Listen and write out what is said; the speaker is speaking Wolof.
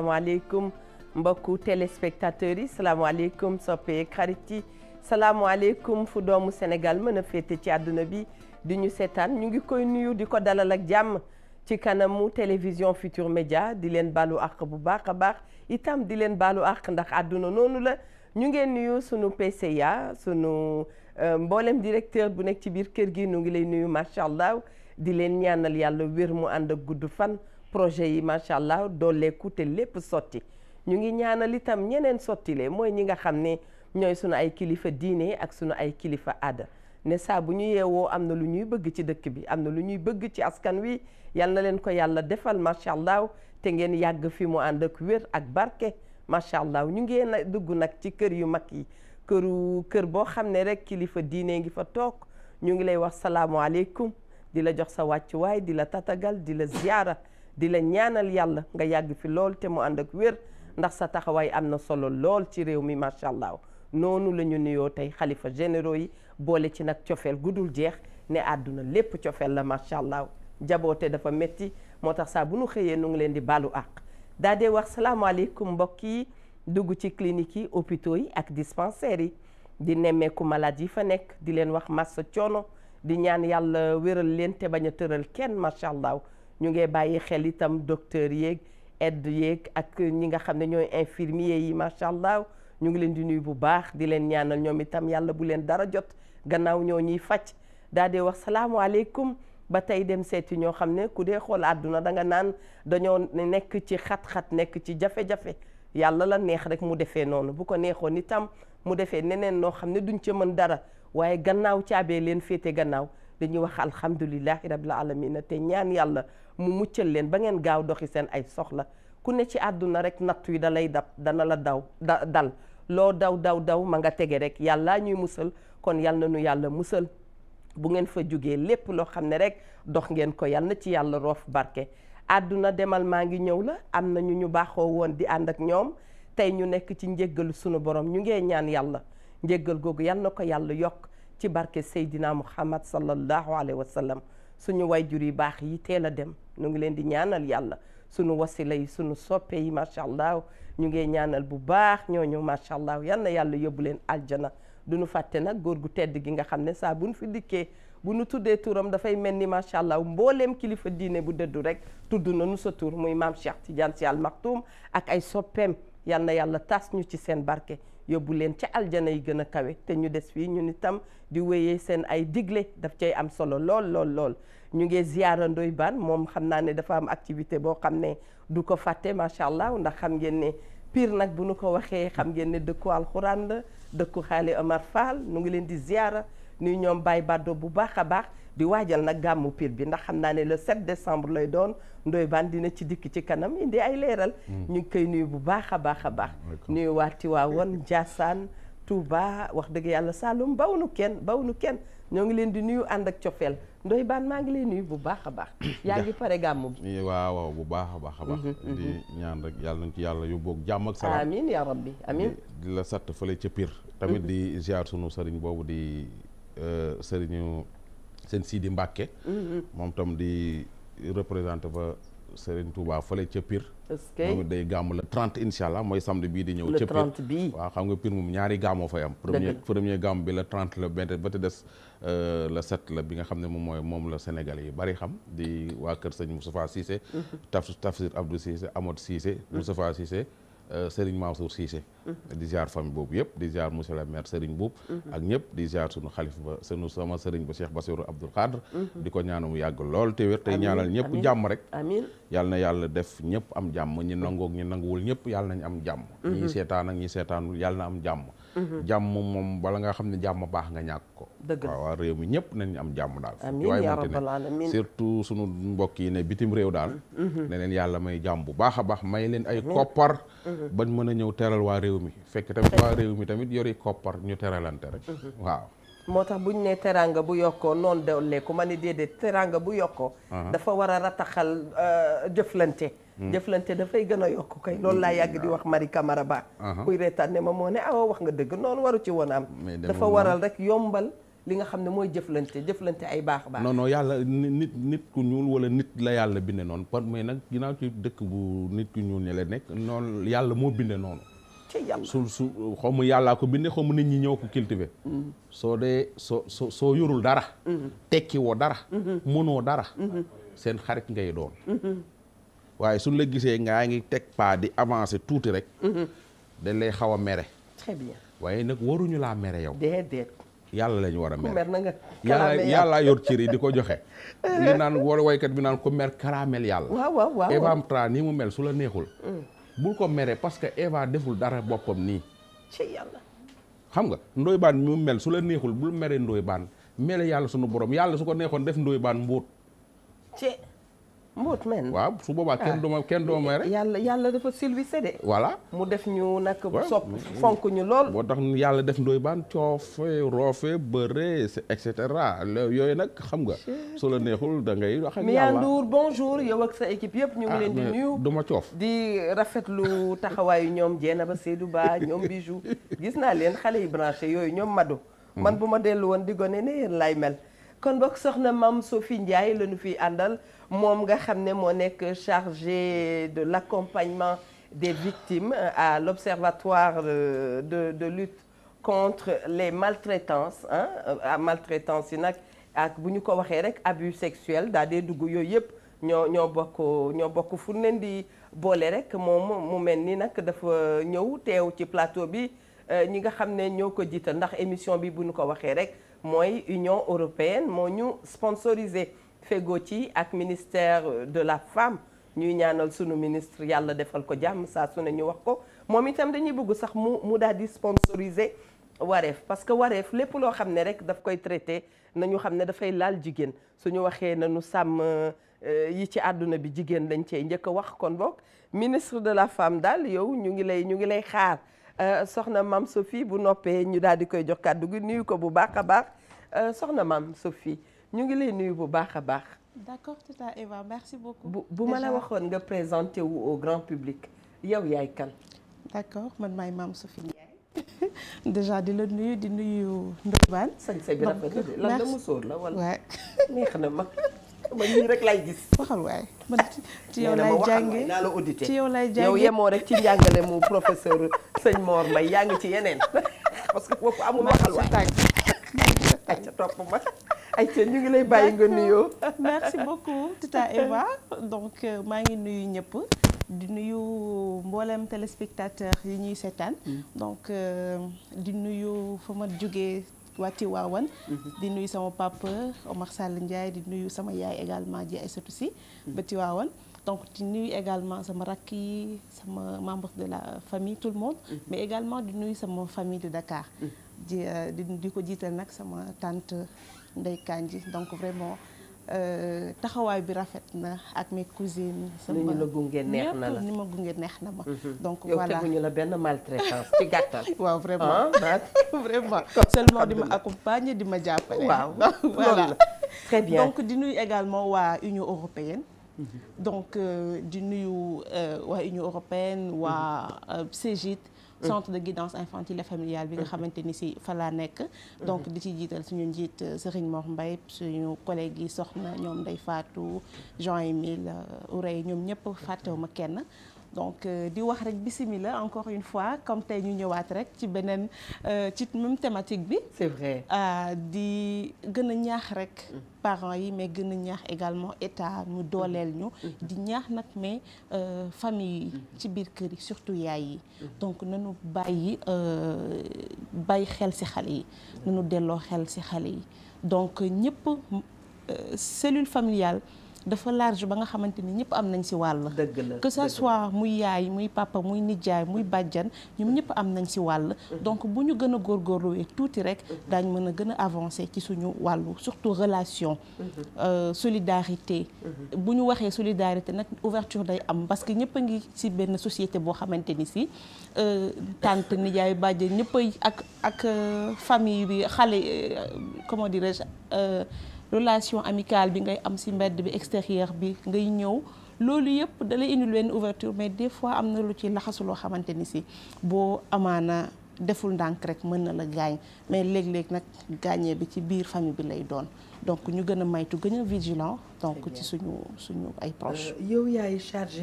salaamaaleykum mbokku téléspectateurs yi salaamaaleykum soppeek xarit yi salaamaaleykum fu doomu Sénégal mën a féete ci àdduna bi di ñu seetaan ñu ngi koy nuyu di ko dalal ak jàmm ci kanamu télévision Futur Média di leen baalu àq bu baax a baax itam di leen baalu àq ndax àdduna noonu la ñu ngeen nuyu sunu PCA sunu euh, mboolem directeur bu nekk ci biir kër gi nu ngi lay nuyu macha allah di leen ñaanal yàlla wér mu ànd ak gudd fan. projet yi macha allah dooleeku te lépp sotti ñu ngi ñaanal itam ñeneen sottile mooy ñi nga xam ne ñooy sunu ay kilifa diine ak sunu ay kilifa aada ne saa bu ñu yeewoo am na lu ñuy bëgg ci dëkk bi am na lu ñuy bëgg ci askan wi yal na leen ko yàlla defal macha allah te ngeen yàgg fi mu ànd ak wér ak barke macha allah ñu ngeen a dugg nag ci kër yu mag yi këru kër boo xam ne rek kilifa diine ngi fa toog ñu ngi lay wax salaamualeykum di la jox sa wàccuwaay di la tatagal di la ziyaara di leen ñaanal yàlla nga yàgg fi lool te mu ànd ak wér ndax sa taxawaay am na solo lool ci réew mi macha allah noonu la ñu nuyoo tey xalifa généraux yi boole ci nag cofeel gudul jeex ne àdduna lépp cofeel la macha allah jaboote dafa métti moo tax saa bu nu xëyee nu ngi leen di baalu àq daa dee wax salaamaaleykum mbokk yi dugg ci clinique yi opito yi ak dispensaires yi di nemmeeku malade yi fa nekk di leen wax massa coono di ñaan yàlla wéral leen te bañ a tëral kenn macha allah ñu ngee bàyyi xel itam docteur yeeg aide yeeg ak ñi nga xam ne ñooy infirmier yi macha allah ñu ngi leen di nuyu bu baax di leen ñaanal ñoom itam yàlla bu leen dara jot gannaaw ñoo ñuy faj daa dee wax salaamualeykum ba tey dem seeti ñoo xam ne ku dee xool àdduna danga naan dañoo nekk ci xat-xat nekk ci jafe-jafe yàlla la neex rek mu defee noonu bu ko neexoon itam mu defee neneen noo xam ne duñ ca mën dara waaye gannaaw caabee leen féete gannaaw dañuy wax alhamdulilahi rabil alamina te ñaan yàlla mu muccal leen ba ngeen gaaw doxi seen ay soxla ku ne ci àdduna rek natt wi dalay dab dana la daw da dal loo daw daw daw ma nga tege rek yàlla ñuy musal kon yàlla na nu yàlla musal bu ngeen fa jógee lépp loo xam ne rek dox ngeen ko yal na ci yàlla roof barke àdduna demal maa ngi ñëw la am na ñu ñu baaxoo woon di ànd ak ñoom tey ñu nekk ci njégal sunu borom ñu ngee ñaan yàlla njégal googu yal na ko yàlla yokk ci barke Seydina Muhammad sallallahu alayhi wa sallam suñu wayjur yi baax yi teel a dem ñu ngi leen di ñaanal yàlla suñu wasila yi suñu soppee yi macha allah ñu ngee ñaanal bu baax ñoo ñooñu macha allah yal yàlla yóbbu leen du duñu fàtte nag góor gu tedd gi nga xam ne saa bu buñ fi dikkee bu nu tuddee turam dafay mel ni macha allah mbooleem kilifa diine bu dëddu rek tudd nañu sa tur muy maam Cheikh Tidiane Sy Al ak ay soppeem yal na yàlla tas ñu ci seen barke yóbbu leen ca aljana yi gën a kawe te ñu des fii ñun itam di wéyee seen ay digle daf cay am solo lool lool lool ñu ngi ziyaara Ndoye Bane moom xam naa ne dafa am activité boo xam ne du ko fàtte macha allah ndax xam ngeen ne piir nag bu nu ko waxee xam ngeen ne dëkku alxuraan la dëkku xaali amar Fall nu ngi leen di ziyaara nuy ñoom baay Baddo bu baax a baax di waajal nag gàmmu piir bi ndax xam naa ne la 7 décembre lay doon Ndoye Bane dina ci dikk ci kanam indi ay leeral. Hmm. ñu ngi koy nuyu bu baax a baax a baax. nuyu waa Tiwaawoon Ndiassane Touba wax dëgg yàlla saalum Saloum bawunu kenn baw bawunu kenn ñoo ngi leen di nuyu ànd ak cofeel Ndoye Bane maa ngi lay nuyu bu baax a baax. yaa ngi pare gàmmu bi. Eh, waaw waaw bu baax a baax a baax. Mm-hmm, di mm-hmm. ñaan rek yàlla nañ ci yàlla yóbboog jàmm ak salaam. amiin la satt fële ca Pire. Mm-hmm. tamit di ziar sunu sëriñ boobu di. Euh, sëriñu seen di Mbàkke moom tam di représenté fa Serigne Touba fële ca Pire. moom day gàmm le 30 incha allah mooy samedi bii di ñëw. ca Pire le 30 bii. waaw xam nga Pire moom ñaari gàmmoo fay am. premier premier gàmm bi la 30 la benn ba te des euh, le 7 la bi nga xam ne moom mooy moom la Sénégal yi bari xam di waa kër sëñ Moustapha Cissé. Mm-hmm. Tafsir Abdou Cissé Amadou Cissé. Mm-hmm. Moustapha Cissé euh, Serigne Mansour Cissé. di ziar famille boobu yëpp di ziar monsieur le maire Serigne Boub mhm. ak ñëpp di ziar sunu xalif ba sunu sama Serigne ba Cheikh Bassirou Abdoul Khadr mhm. di ko ñaanu mu yàgg lool te wér tey ñaanal ñëpp jàmm rek amiin yàlla na yàlla def ñëpp am jàmm ñi nangoog ñi nanguwul ñëpp yàlla nañ am jàmm mhm. ñi seetaan ak ñi seetaanul yàlla na am jàmm jàmm moom bala nga xam ne jàmm baax nga ñàkk ko waaw réew mi ñëpp nañ am jàmm daal surtout sunu mbokk ne bitim réew daal ne yàlla may jàmm bu baax a baax may leen ay koppar bañ mën a ñëw teral waa réew réew mi fekk tamit waa réew mi tamit yori koppar ñu teralante rek mhm. waaw moo tax bu ñu nee teraanga bu yokkoo noonu dooleeku ma ni déedéet teraanga bu yokkoo mhm. dafa war a rataxal euh, jëflante mhm. jëflante dafay gën a yokk kay loolu laa yàgg di wax Marie Camara Ba kuy reetaan ne ma moo ne awa wax nga dëgg noonu waru ci woon am dafa waral rek yombal li nga xam ne mooy jëflante jëflante ay baax baax non yàlla nit nit ku ñuul wala nit la yàlla binde noonu par mais nag ginnaaw ci dëkk bu nit ku ñuul ñi la nekk noonu yàlla moo binde noonu su su xaw ma yàllaa ko bindee xaw ma nit ñi ñëw ko cultiver mm-hmm. soo dee soo soo soo yorul dara mm-hmm. tekki woo dara mm-hmm. mënoo dara seen xarit ngay doon waaye suñ la gisee ngaa ngi teg pas di avancer tuuti rek dañ lay xaw a mere waaye nag waruñu laa mere yow déedéet yàlla la ñu war a mer na yàlla yor cër di ko joxe li naan war waykat bi naan ko mer karamel yàlla waaw waaw mu mel su la neexul mm. bul ko meree parce que Eva deful dara boppam nii. xam nga ndoy baan mu mel su la neexul bul meree ndoy baan mele yàlla sunu borom yàlla su ko neexoon def ndoy baan mbóot. mbóot men waaw su boobaa kenn ah. dooma kenn dooma rek yàlla yàlla dafa silvissé de voilà mu def ñu nag sopp fonk ñu lool boo tax yàlla def ndoy baan coofe roofe bëre et yooyu nag xam nga su la neexul da ngay wax ak yàlla Miya Ndour bonjour yow ak sa équipe yëpp ñu ngi ah, leen di nuyu du ma coof di rafetlu taxawaayu ñoom jeena ba Seydou baax ñoom bijou gis naa leen xale yi branché yooyu ñoom mado hmm. man bu ma dellu woon di gone ne yéen lay mel kon boog soxna Mame Sophie Ndiaye la ñu fi àndal moom nga xam ne moo nekk chargé de l'accompagnement de victimes euh, à l'observatoire euh, de de lutte contre les maltraitances ah yi nag ak bu ñu ko waxee rek abus sexuel daa dee dugg yooyu yëpp ñoo ñoo bokk ñoo bokk fu leen di boole rek moom mu mel ni nag dafa ñëw teew ci plateau bi ñi nga xam ne ñoo ko jiital ndax émission bi bu ñu ko waxee rek mooy Union européenne moo ñu sponsorisé fego ci ak ministère de la femme ñuy ñaanal suñu ministre yàlla defal ko jàmm saa su ne ñu wax ko moom itam dañuy bëgg sax mu mu daal di sponsorisé wareef parce que wareef lépp loo xam ne rek daf koy traité nañu xam ne dafay laal jigéen suñu waxee nañu sàmm euh, yi ci àdduna bi jigéen lañ cee njëkk wax kon boog ministre de la femme daal yow ñu ngi lay ñu ngi lay xaar euh, soxna Mame Sophie bu noppee ñu daal di koy jox kàddu gi ko bu baax a baax Euh, soxna maam Sophie ñu ngi lay nuyu bu baax a baax. d'accord tata Eva merci beaucoup. bu ma la waxoon nga présenté wu au grand public yow yaay kan. d'accord man maay maam Sophie Ndiaye. déjà di la nuyu di nuyu Ndobane. sañ-sañ bi rafet na lan la la wala. waaw na ma. man nii rek lay gis. waxal waay man ci yow lay jàngee naa la audité yow lay jàngee yemoo rek ci njàngale mu professeur sëñ Mor Mbaye yaa ngi ci yeneen parce que foofu amul waxal waay. ay ca topp ma ay ca ñu ngi lay bàyyi nga nuyoo. merci beaucoup Tata Eva donc euh, maa ngi nuyu ñëpp. di nuyu mboolem téléspectateur yi ñuy seetaan. Mm-hmm. donc euh, di nuyu fa ma jógee wàcci waawan mm-hmm. di nuyu sama papa Omar Sall Ndiaye di nuyu sama yaay également ji ay satu si. Mm-hmm. ba ci waawan donc di nuyu également sama rakk yi sama membre de la famille tout le monde. mais également di nuyu sama famille de dakaar Euh, di di ko jiital nag sama tante Ndeye Kandji donc vraiment euh, taxawaay bi rafet na ak mes cousines. sama ni ñu la gunge neex na ma gunge neex na ma. Mhm. donc voilà yow teguñu la benn maltraitance ci gàttal. waaw vraiment ah, vraiment. seulement di ma accompagner di ma jàppale. waaw voilà très bien donc di nuyu également waa Union européenne. Mhm. donc euh, di nuyu waa Union européenne mhm. waa CEGID. Euh. centre de guidance infantile et familiale bi nga euh. xamante ni si fa nekk euh. donc di ci jiital suñu njiit Serigne Mor Mbaye suñu collègue yi soxna ñoom Ndeye Fatou Jean Émile Ourey ñoom ñëpp ma kenn donc euh, di wax rek bisimila encore une fois comme tey ñu ñëwaat rek ci beneen euh, ci même thématique bi. c'est vrai euh, di gën a ñaax rek. Mm. parents yi mais gën a ñaax également état ñu dooleel ñu. Mm. Mm. di ñaax nag mais famille yi. ci biir kër yi surtout yaay yi. donc nañu bàyyi bàyyi xel ci xale yi. nañu delloo xel ci xale yi donc ñëpp cellule familiale. dafa large ba nga xamante ni ñëpp am nañ si wàll que ça soit muy yaay muy papa muy nijaay muy bàjjan ñoom ñëpp am nañ si wàll mm-hmm. donc bu ñu gën a góorgóorluwee tuuti rek mm-hmm. daañ mën a gën a avancer ci suñu wàllu surtout relation mm-hmm. euh, solidarité bu ñu waxee solidarité nag ouverture day am parce que ñëpp a ngi si benn société boo xamante ni ci euh, tànt nijaay bàjjan ñëpp ak ak euh, famille bi xale euh, comment dirais-je relation amicale bi ngay am si mbedd bi extérieur bi ngay ñëw loolu yëpp dalay indil benn ouverture mais des fois am na lu ci laxasu loo xamante ni si boo amaana deful ndànk rek mën na la gaañ mais léeg-léeg nag gaañee bi ci biir famille bi lay doon donc ñu gën a maytu gën a vigilant donc ci suñu suñu ay proche euh, yow yaay chargé